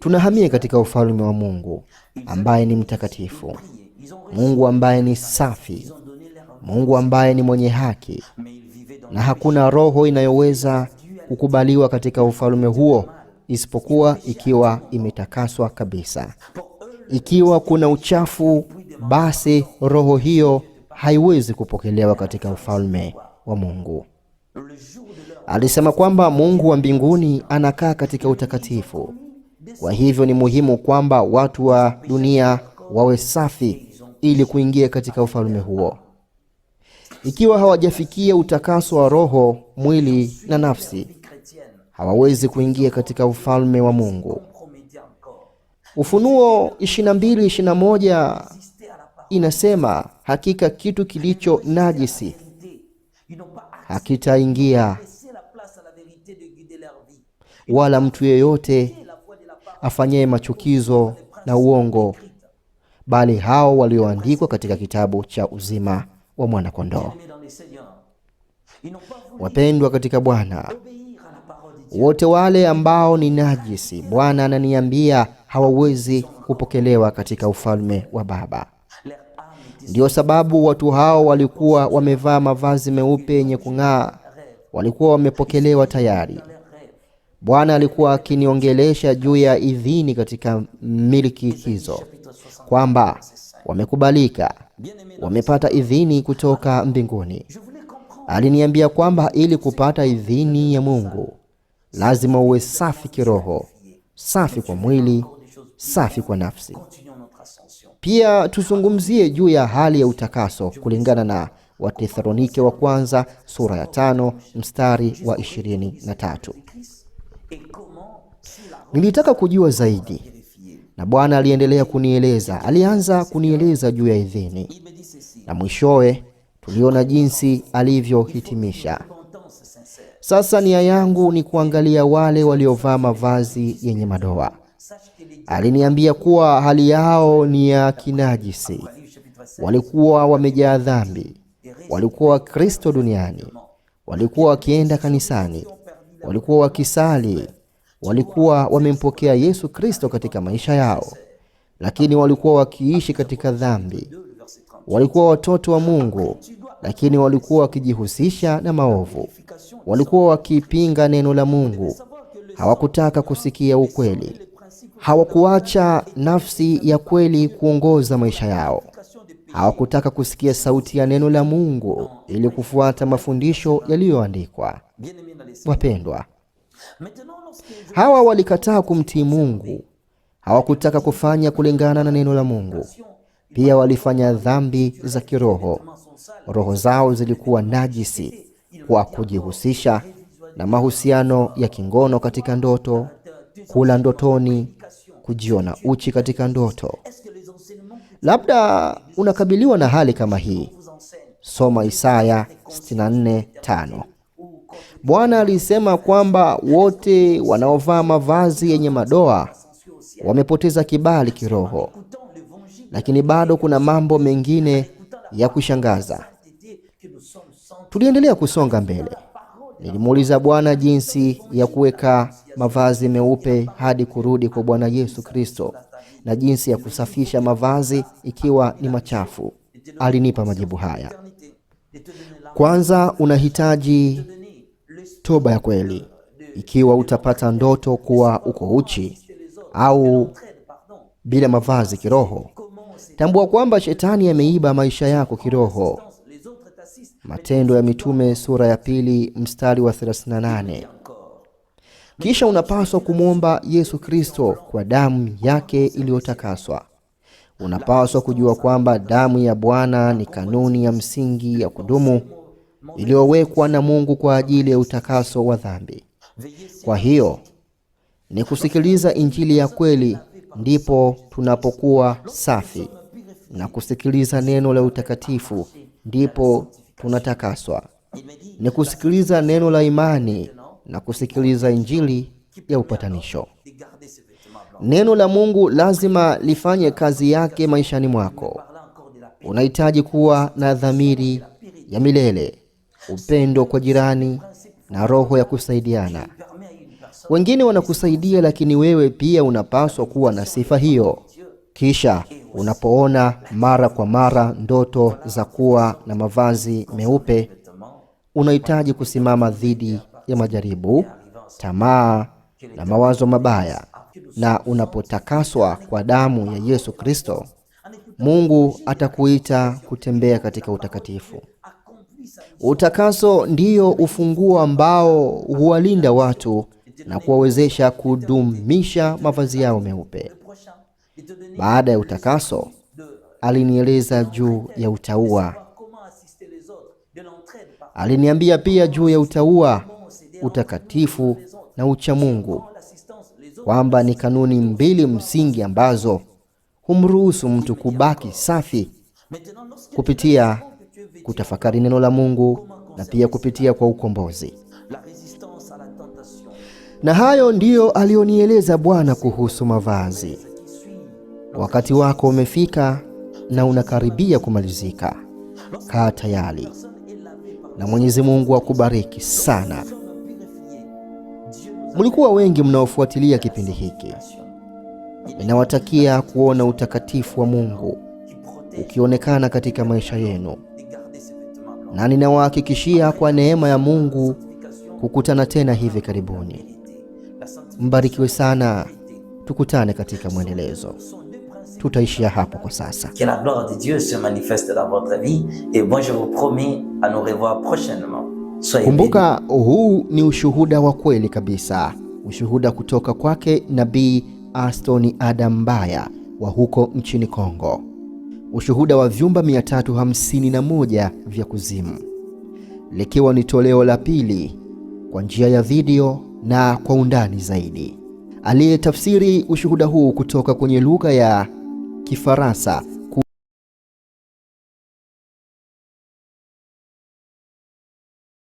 Tunahamia katika ufalme wa Mungu ambaye ni mtakatifu, Mungu ambaye ni safi, Mungu ambaye ni mwenye haki, na hakuna roho inayoweza kukubaliwa katika ufalme huo isipokuwa ikiwa imetakaswa kabisa. Ikiwa kuna uchafu, basi roho hiyo haiwezi kupokelewa katika ufalme wa Mungu. Alisema kwamba Mungu wa mbinguni anakaa katika utakatifu. Kwa hivyo ni muhimu kwamba watu wa dunia wawe safi ili kuingia katika ufalme huo. Ikiwa hawajafikia utakaso wa roho, mwili na nafsi, hawawezi kuingia katika ufalme wa Mungu. Ufunuo 22:21 inasema, hakika kitu kilicho najisi hakitaingia wala mtu yeyote afanyaye machukizo na uongo, bali hao walioandikwa katika kitabu cha uzima wa Mwanakondoo. Wapendwa katika Bwana, wote wale ambao ni najisi, Bwana ananiambia hawawezi kupokelewa katika ufalme wa Baba. Ndiyo sababu watu hao walikuwa wamevaa mavazi meupe yenye kung'aa, walikuwa wamepokelewa tayari Bwana alikuwa akiniongelesha juu ya idhini katika miliki hizo, kwamba wamekubalika, wamepata idhini kutoka mbinguni. Aliniambia kwamba ili kupata idhini ya Mungu lazima uwe safi kiroho, safi kwa mwili, safi kwa nafsi. Pia tuzungumzie juu ya hali ya utakaso kulingana na Watesalonike wa kwanza sura ya tano mstari wa ishirini na tatu. Nilitaka kujua zaidi, na Bwana aliendelea kunieleza. Alianza kunieleza juu ya idhini, na mwishowe tuliona jinsi alivyohitimisha. Sasa nia yangu ni kuangalia wale waliovaa mavazi yenye madoa. Aliniambia kuwa hali yao ni ya kinajisi, walikuwa wamejaa dhambi, walikuwa Wakristo duniani, walikuwa wakienda kanisani walikuwa wakisali, walikuwa wamempokea Yesu Kristo katika maisha yao, lakini walikuwa wakiishi katika dhambi. Walikuwa watoto wa Mungu, lakini walikuwa wakijihusisha na maovu. Walikuwa wakipinga neno la Mungu, hawakutaka kusikia ukweli, hawakuacha nafsi ya kweli kuongoza maisha yao hawakutaka kusikia sauti ya neno la Mungu ili kufuata mafundisho yaliyoandikwa. Wapendwa, hawa walikataa kumtii Mungu, hawakutaka kufanya kulingana na neno la Mungu. Pia walifanya dhambi za kiroho. Roho zao zilikuwa najisi kwa kujihusisha na mahusiano ya kingono katika ndoto, kula ndotoni, kujiona uchi katika ndoto. Labda unakabiliwa na hali kama hii, soma Isaya 64:5. Bwana alisema kwamba wote wanaovaa mavazi yenye madoa wamepoteza kibali kiroho. Lakini bado kuna mambo mengine ya kushangaza. Tuliendelea kusonga mbele. Nilimuuliza Bwana jinsi ya kuweka mavazi meupe hadi kurudi kwa Bwana Yesu Kristo na jinsi ya kusafisha mavazi ikiwa ni machafu. Alinipa majibu haya: kwanza, unahitaji toba ya kweli. Ikiwa utapata ndoto kuwa uko uchi au bila mavazi kiroho, tambua kwamba shetani ameiba maisha yako kiroho. Matendo ya Mitume sura ya pili mstari wa 38. Kisha unapaswa kumwomba Yesu Kristo kwa damu yake iliyotakaswa. Unapaswa kujua kwamba damu ya Bwana ni kanuni ya msingi ya kudumu iliyowekwa na Mungu kwa ajili ya utakaso wa dhambi. Kwa hiyo ni kusikiliza Injili ya kweli ndipo tunapokuwa safi, na kusikiliza neno la utakatifu ndipo tunatakaswa. Ni kusikiliza neno la imani na kusikiliza injili ya upatanisho. Neno la Mungu lazima lifanye kazi yake maishani mwako. Unahitaji kuwa na dhamiri ya milele, upendo kwa jirani na roho ya kusaidiana. Wengine wanakusaidia, lakini wewe pia unapaswa kuwa na sifa hiyo. Kisha unapoona mara kwa mara ndoto za kuwa na mavazi meupe, unahitaji kusimama dhidi ya majaribu, tamaa na mawazo mabaya, na unapotakaswa kwa damu ya Yesu Kristo, Mungu atakuita kutembea katika utakatifu. Utakaso ndiyo ufunguo ambao huwalinda watu na kuwawezesha kudumisha mavazi yao meupe. Baada ya utakaso, alinieleza juu ya utaua Aliniambia pia juu ya utaua utakatifu na uchamungu, kwamba ni kanuni mbili msingi ambazo humruhusu mtu kubaki safi kupitia kutafakari neno la Mungu na pia kupitia kwa ukombozi. Na hayo ndiyo aliyonieleza Bwana kuhusu mavazi. Wakati wako umefika na unakaribia kumalizika. Kaa tayari, na Mwenyezi Mungu akubariki sana. Mlikuwa wengi mnaofuatilia kipindi hiki. Ninawatakia kuona utakatifu wa Mungu ukionekana katika maisha yenu, na ninawahakikishia kwa neema ya Mungu kukutana tena hivi karibuni. Mbarikiwe sana, tukutane katika mwendelezo. Tutaishia hapo kwa sasa. Que la gloire de Dieu se manifeste dans votre vie et moi je vous promets à nous revoir prochainement. So, kumbuka huu ni ushuhuda wa kweli kabisa, ushuhuda kutoka kwake Nabii Aston Adam Mbaya wa huko nchini Kongo, ushuhuda wa vyumba 351 vya kuzimu, likiwa ni toleo la pili kwa njia ya video na kwa undani zaidi. Aliyetafsiri ushuhuda huu kutoka kwenye lugha ya Kifaransa